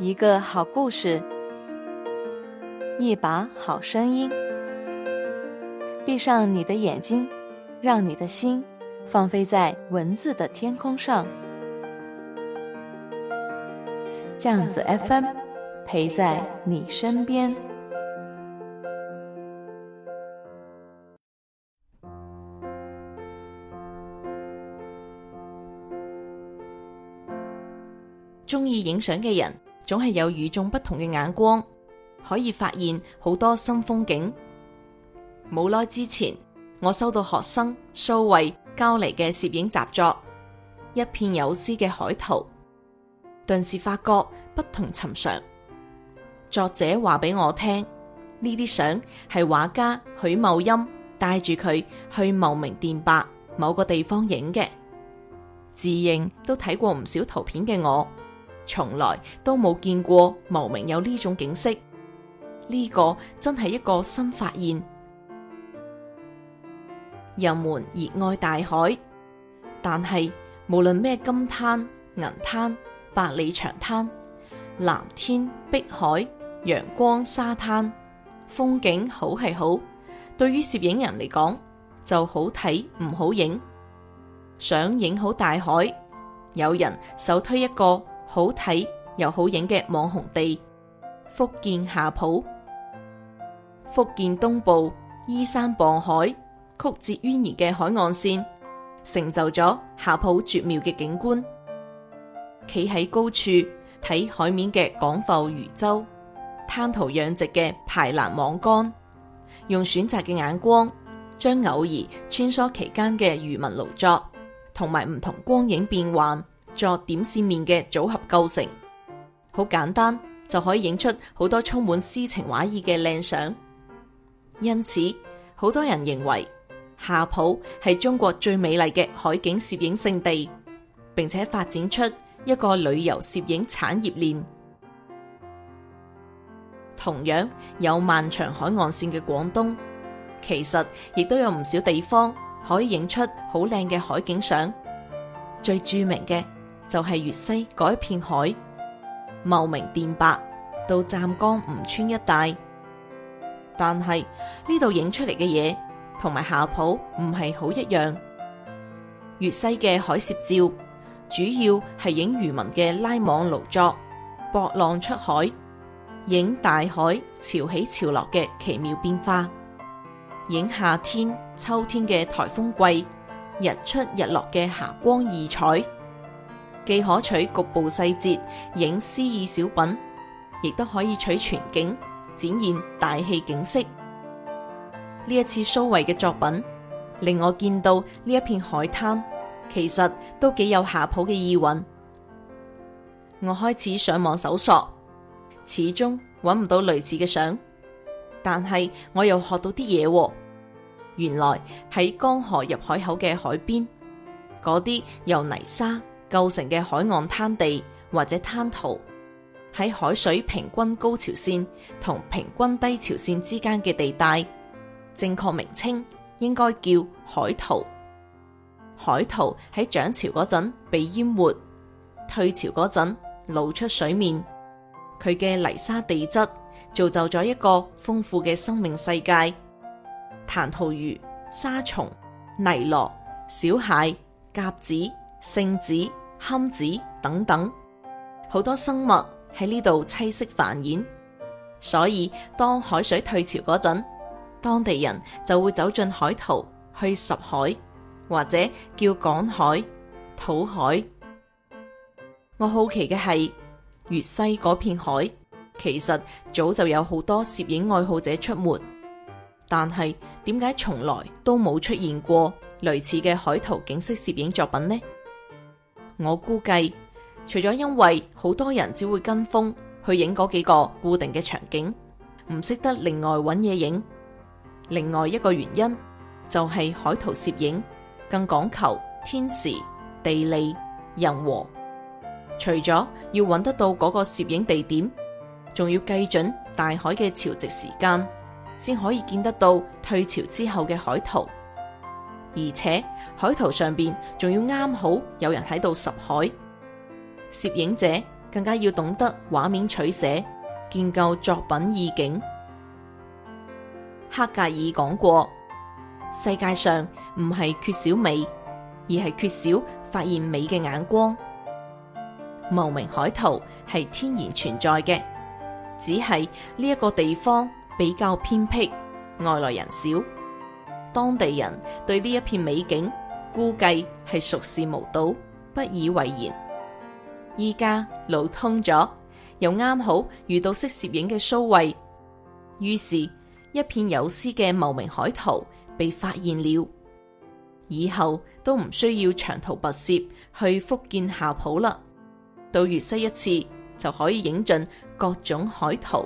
一個好故事，一把好聲音。閉上你的眼睛，讓你的心放飛在文字的天空上。醬紫 FM 陪在你身邊。中意影相嘅人。總係有與眾不同嘅眼光，可以發現好多新風景。冇耐之前，我收到學生蘇惠交嚟嘅攝影習作，一片有詩嘅海塗，頓時發覺不同尋常。作者話俾我聽，呢啲相係畫家許茂欽帶住佢去茂名電白某個地方影嘅。自認都睇過唔少圖片嘅我，從來都冇見過，茂名有呢種景色，呢個真係一個新發現。人們熱愛大海，但係無論咩金灘、銀灘、百里長灘、藍天碧海、陽光沙灘，風景好係好，對於攝影人嚟講就好睇唔好影。想影好大海，有人首推一個。好睇又好影嘅網紅地，福建霞浦，福建東部依山傍海、曲折蜿蜒嘅海岸線，成就咗霞浦絕妙嘅景觀。企喺高處睇海面嘅港埠漁舟，灘塗養殖嘅排欄網竿，用選擇嘅眼光，將偶爾穿梭其間嘅漁民勞作，同埋唔同光影變幻。作點線面嘅組合構成，好簡單就可以影出好多充滿詩情畫意嘅靚相。因此，好多人認為霞浦係中國最美麗嘅海景攝影勝地，並且發展出一個旅遊攝影產業鏈。同樣有漫長海岸線嘅廣東，其實亦都有唔少地方可以影出好靚嘅海景相。最著名嘅，就係、是、粵西嗰一片海，茂名、電白到湛江吳川一帶，但係呢度影出嚟嘅嘢，同埋霞浦唔係好一樣。粵西嘅海攝照主要係影漁民嘅拉網勞作，搏浪出海，影大海潮起潮落嘅奇妙變化，影夏天、秋天嘅台風季，日出日落嘅霞光異彩。既可取局部細節影詩意小品，亦都可以取全景展現大氣景色。呢一次蘇惠嘅作品令我見到呢一片海灘，其實都幾有霞浦嘅意蘊。我開始上網搜索，始終揾唔到類似嘅相，但係我又學到啲嘢。原來喺江河入海口嘅海邊，嗰啲由泥沙。構成嘅海岸灘地或者灘塗，喺海水平均高潮線同平均低潮線之間嘅地帶，正確名稱應該叫海塗。海塗喺漲潮嗰陣被淹沒，退潮嗰陣露出水面。佢嘅泥沙地質造就咗一個豐富嘅生命世界，彈塗魚、沙蟲、泥螺、小蟹、蛤子、聖子。蝦蚶子等等，好多生物喺呢度棲息繁衍，所以當海水退潮嗰陣，當地人就會走進海塗去拾海，或者叫趕海、討海。我好奇嘅係，粵西嗰片海其實早就有好多攝影愛好者出沒，但係點解從來都冇出現過類似嘅海塗景色攝影作品呢？我估計，除咗因為好多人只會跟風去影嗰幾個固定嘅場景，唔識得另外揾嘢影。另外一個原因就係海塗攝影更講求天時、地利、人和。除咗要揾得到嗰個攝影地點，仲要計準大海嘅潮汐時間，先可以見得到退潮之後嘅海塗。而且海塗上邊仲要啱好有人喺度拾海，攝影者更加要懂得畫面取捨，建構作品意境。黑格爾講過：世界上唔係缺少美，而係缺少發現美嘅眼光。茂名海塗係天然存在嘅，只係呢一個地方比較偏僻，外來人少。當地人對呢一片美景估計係熟視無睹，不以為然。依家路通咗，又啱好遇到識攝影嘅蘇惠，於是，一片有詩嘅茂名海塗被發現了。以後都唔需要長途跋涉去福建霞浦啦，到粵西一次就可以影盡各種海涂。